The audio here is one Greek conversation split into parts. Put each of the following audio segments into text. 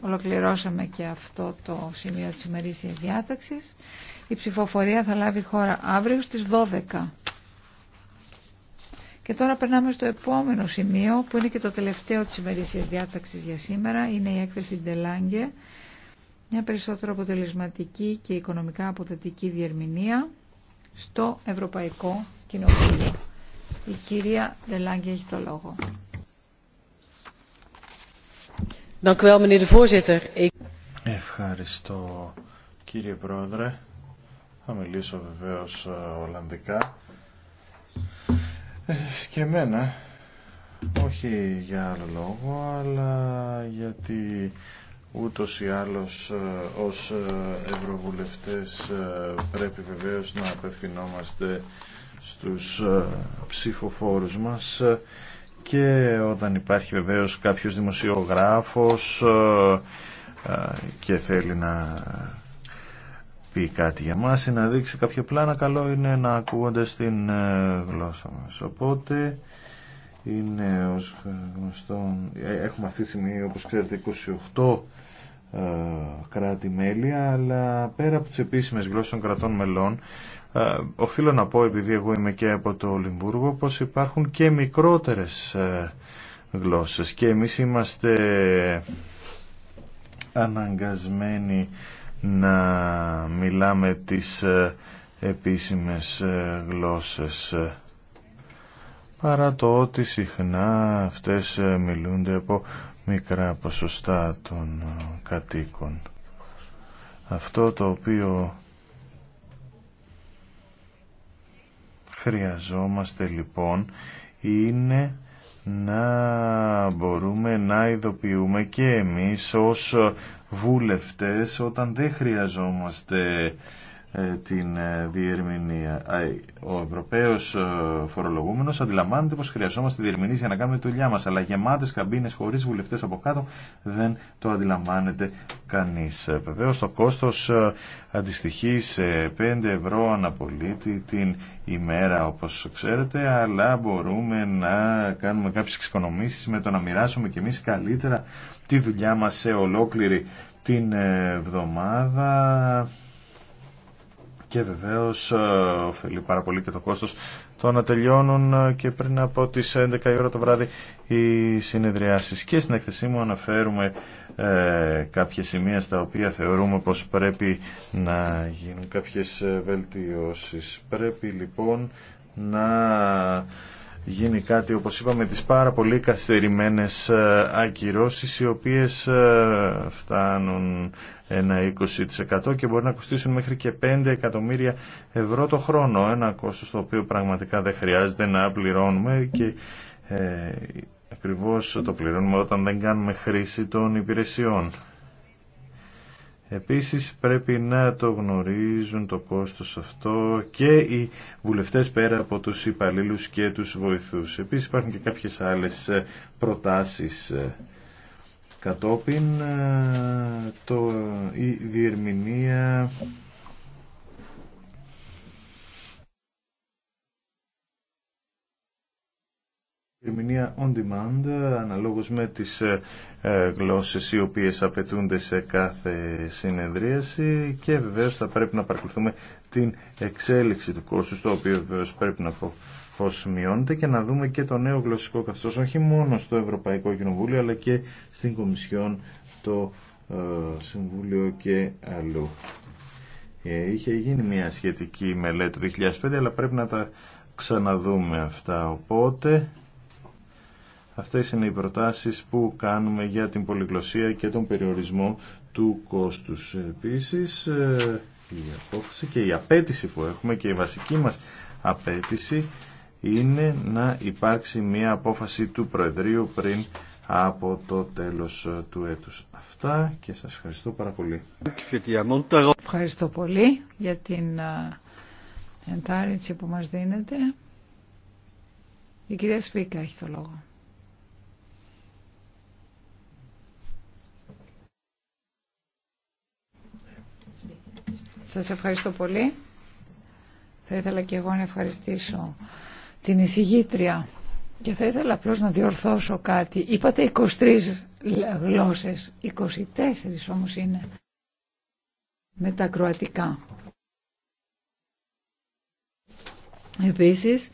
Ολοκληρώσαμε και αυτό το σημείο της ημερήσιας διάταξης. Η ψηφοφορία θα λάβει χώρα αύριο στις 12. Και τώρα περνάμε στο επόμενο σημείο που είναι και το τελευταίο της ημερήσιας διάταξης για σήμερα. Είναι η έκθεση Ντελάνγκε, μια περισσότερο αποτελεσματική και οικονομικά αποδοτική διερμηνία στο Ευρωπαϊκό Κοινοβούλιο. Η κυρία Ντελάνγκε έχει το λόγο. Ευχαριστώ κύριε Πρόεδρε. Θα μιλήσω βεβαίως ε, Ολλανδικά. Ε, και εμένα, όχι για άλλο λόγο, αλλά γιατί ούτως ή άλλως ε, ως ευρωβουλευτές πρέπει βεβαίως να απευθυνόμαστε στους ψηφοφόρους μας και όταν υπάρχει βεβαίως κάποιος δημοσιογράφος ε, ε, και θέλει να πει κάτι για μας ή να δείξει κάποιο πλάνα καλό είναι να ακούγονται στην ε, γλώσσα μας οπότε είναι ως γνωστό έχουμε αυτή τη στιγμή όπως ξέρετε 28 κράτη-μέλη αλλά πέρα από τις επίσημες γλώσσες των κρατών μελών ε, οφείλω να πω, επειδή εγώ είμαι και από το Ολυμπούργο, πως υπάρχουν και μικρότερες ε, γλώσσες και εμείς είμαστε αναγκασμένοι να μιλάμε τις ε, επίσημες γλώσσες παρά το ότι συχνά αυτές μιλούνται από μικρά ποσοστά των κατοίκων. Αυτό το οποίο χρειαζόμαστε λοιπόν είναι να μπορούμε να ειδοποιούμε και εμείς ως βουλευτές όταν δεν χρειαζόμαστε ε, την ε, διερμηνία. Ε, ο Ευρωπαίος φορολογούμενος αντιλαμβάνεται πως χρειαζόμαστε διερμηνής για να κάνουμε τη δουλειά μας, αλλά γεμάτες καμπίνες χωρίς βουλευτές από κάτω δεν το αντιλαμβάνεται κανείς. Ε, βεβαίως το κόστος ε, αντιστοιχεί σε 5 ευρώ αναπολίτη την ημέρα όπως ξέρετε, αλλά μπορούμε να κάνουμε κάποιες εξοικονομήσεις με το να μοιράσουμε και εμείς καλύτερα τη δουλειά μας σε ολόκληρη την ε, εβδομάδα και βεβαίως ε, ωφελεί πάρα πολύ και το κόστος το να τελειώνουν ε, και πριν από τις 11 η ώρα το βράδυ οι συνεδριάσεις. Και στην εκθεσή μου αναφέρουμε ε, κάποια σημεία στα οποία θεωρούμε πως πρέπει να γίνουν κάποιες ε, βελτιώσεις. Πρέπει λοιπόν να γίνει κάτι, όπως είπαμε, τις πάρα πολύ καθυστερημένες ε, ακυρώσεις, οι οποίες ε, φτάνουν ένα 20% και μπορεί να κοστίσουν μέχρι και 5 εκατομμύρια ευρώ το χρόνο. Ένα κόστος το οποίο πραγματικά δεν χρειάζεται να πληρώνουμε και ε, ακριβώς το πληρώνουμε όταν δεν κάνουμε χρήση των υπηρεσιών. Επίσης πρέπει να το γνωρίζουν το κόστος αυτό και οι βουλευτές πέρα από τους υπαλλήλους και τους βοηθούς. Επίσης υπάρχουν και κάποιες άλλες ε, προτάσεις ε, κατόπιν ε, το, η διερμηνία on demand αναλόγως με τις ε, ε, γλώσσες οι οποίες απαιτούνται σε κάθε συνεδρίαση και βεβαίως θα πρέπει να παρακολουθούμε την εξέλιξη του κόστου το οποίο βεβαίως πρέπει να πω πως μειώνεται και να δούμε και το νέο γλωσσικό καθεστώς όχι μόνο στο Ευρωπαϊκό Κοινοβούλιο αλλά και στην Κομισιόν το ε, Συμβούλιο και αλλού. Είχε γίνει μια σχετική μελέτη το 2005 αλλά πρέπει να τα ξαναδούμε αυτά. Οπότε Αυτές είναι οι προτάσεις που κάνουμε για την πολυγλωσία και τον περιορισμό του κόστους. Επίσης, ε, η απόφαση και η απέτηση που έχουμε και η βασική μας απέτηση είναι να υπάρξει μια απόφαση του Προεδρείου πριν από το τέλος του έτους. Αυτά και σας ευχαριστώ πάρα πολύ. Ευχαριστώ πολύ για την ε, ενθάρρυνση που μας δίνετε. Η κυρία Σπίκα έχει το λόγο. Σας ευχαριστώ πολύ. Θα ήθελα και εγώ να ευχαριστήσω την εισηγήτρια και θα ήθελα απλώ να διορθώσω κάτι. Είπατε 23 γλώσσες, 24 όμως είναι με τα κροατικά. Επίσης,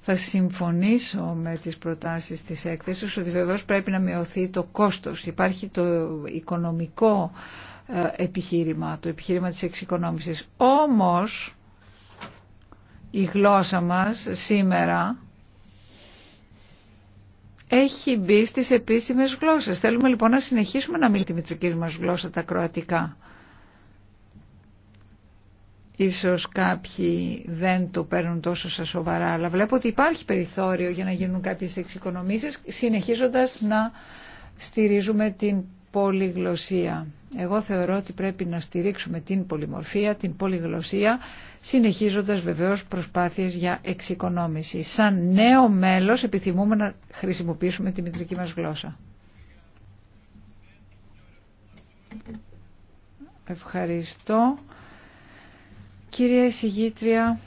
θα συμφωνήσω με τις προτάσεις της έκθεσης ότι βεβαίως πρέπει να μειωθεί το κόστος. Υπάρχει το οικονομικό ε, επιχείρημα, το επιχείρημα της εξοικονόμησης. Όμως η γλώσσα μας σήμερα έχει μπει στις επίσημες γλώσσες. Θέλουμε λοιπόν να συνεχίσουμε να μιλήσουμε τη μητρική μας γλώσσα τα κροατικά. Ίσως κάποιοι δεν το παίρνουν τόσο σα σοβαρά, αλλά βλέπω ότι υπάρχει περιθώριο για να γίνουν κάποιες εξοικονομήσεις, συνεχίζοντας να στηρίζουμε την πολυγλωσία. Εγώ θεωρώ ότι πρέπει να στηρίξουμε την πολυμορφία, την πολυγλωσία, συνεχίζοντας βεβαίως προσπάθειες για εξοικονόμηση. Σαν νέο μέλος επιθυμούμε να χρησιμοποιήσουμε τη μητρική μας γλώσσα. Ευχαριστώ. Κυρία εισηγήτρια,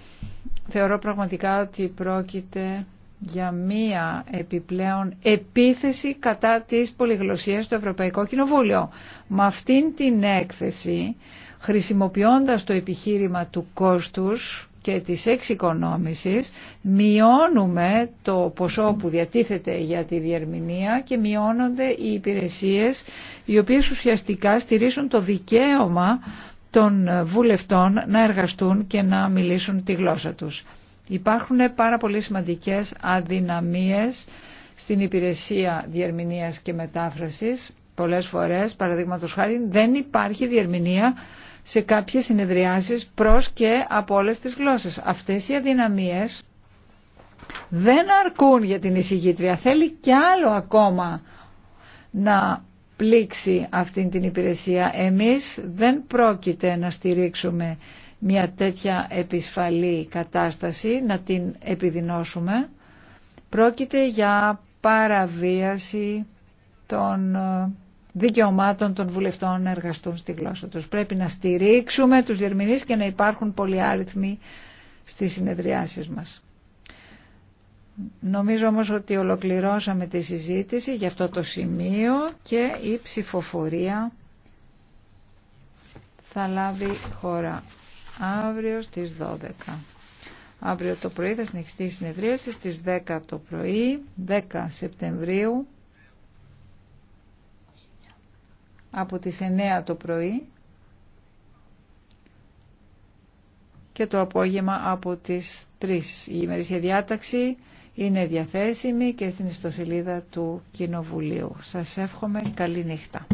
θεωρώ πραγματικά ότι πρόκειται για μία επιπλέον επίθεση κατά της πολυγλωσσίας στο Ευρωπαϊκό Κοινοβούλιο. Με αυτήν την έκθεση, χρησιμοποιώντας το επιχείρημα του κόστους και της εξοικονόμησης, μειώνουμε το ποσό που διατίθεται για τη διερμηνία και μειώνονται οι υπηρεσίες οι οποίες ουσιαστικά στηρίζουν το δικαίωμα των βουλευτών να εργαστούν και να μιλήσουν τη γλώσσα τους. Υπάρχουν πάρα πολύ σημαντικές αδυναμίες στην υπηρεσία διερμηνίας και μετάφρασης. Πολλές φορές, παραδείγματος χάρη, δεν υπάρχει διερμηνία σε κάποιες συνεδριάσεις προς και από όλες τις γλώσσες. Αυτές οι αδυναμίες δεν αρκούν για την εισηγήτρια. Θέλει κι άλλο ακόμα να πλήξει αυτή την υπηρεσία. Εμείς δεν πρόκειται να στηρίξουμε μια τέτοια επισφαλή κατάσταση, να την επιδεινώσουμε. Πρόκειται για παραβίαση των ε, δικαιωμάτων των βουλευτών να εργαστούν στη γλώσσα τους. Πρέπει να στηρίξουμε τους διερμηνείς και να υπάρχουν πολλοί άριθμοι στις συνεδριάσεις μας. Νομίζω όμως ότι ολοκληρώσαμε τη συζήτηση για αυτό το σημείο και η ψηφοφορία θα λάβει χώρα αύριο στις 12. Αύριο το πρωί θα συνεχιστεί η συνεδρίαση στις 10 το πρωί, 10 Σεπτεμβρίου, από τις 9 το πρωί και το απόγευμα από τις 3. Η ημερήσια διάταξη είναι διαθέσιμη και στην ιστοσελίδα του Κοινοβουλίου. Σας εύχομαι καλή νύχτα.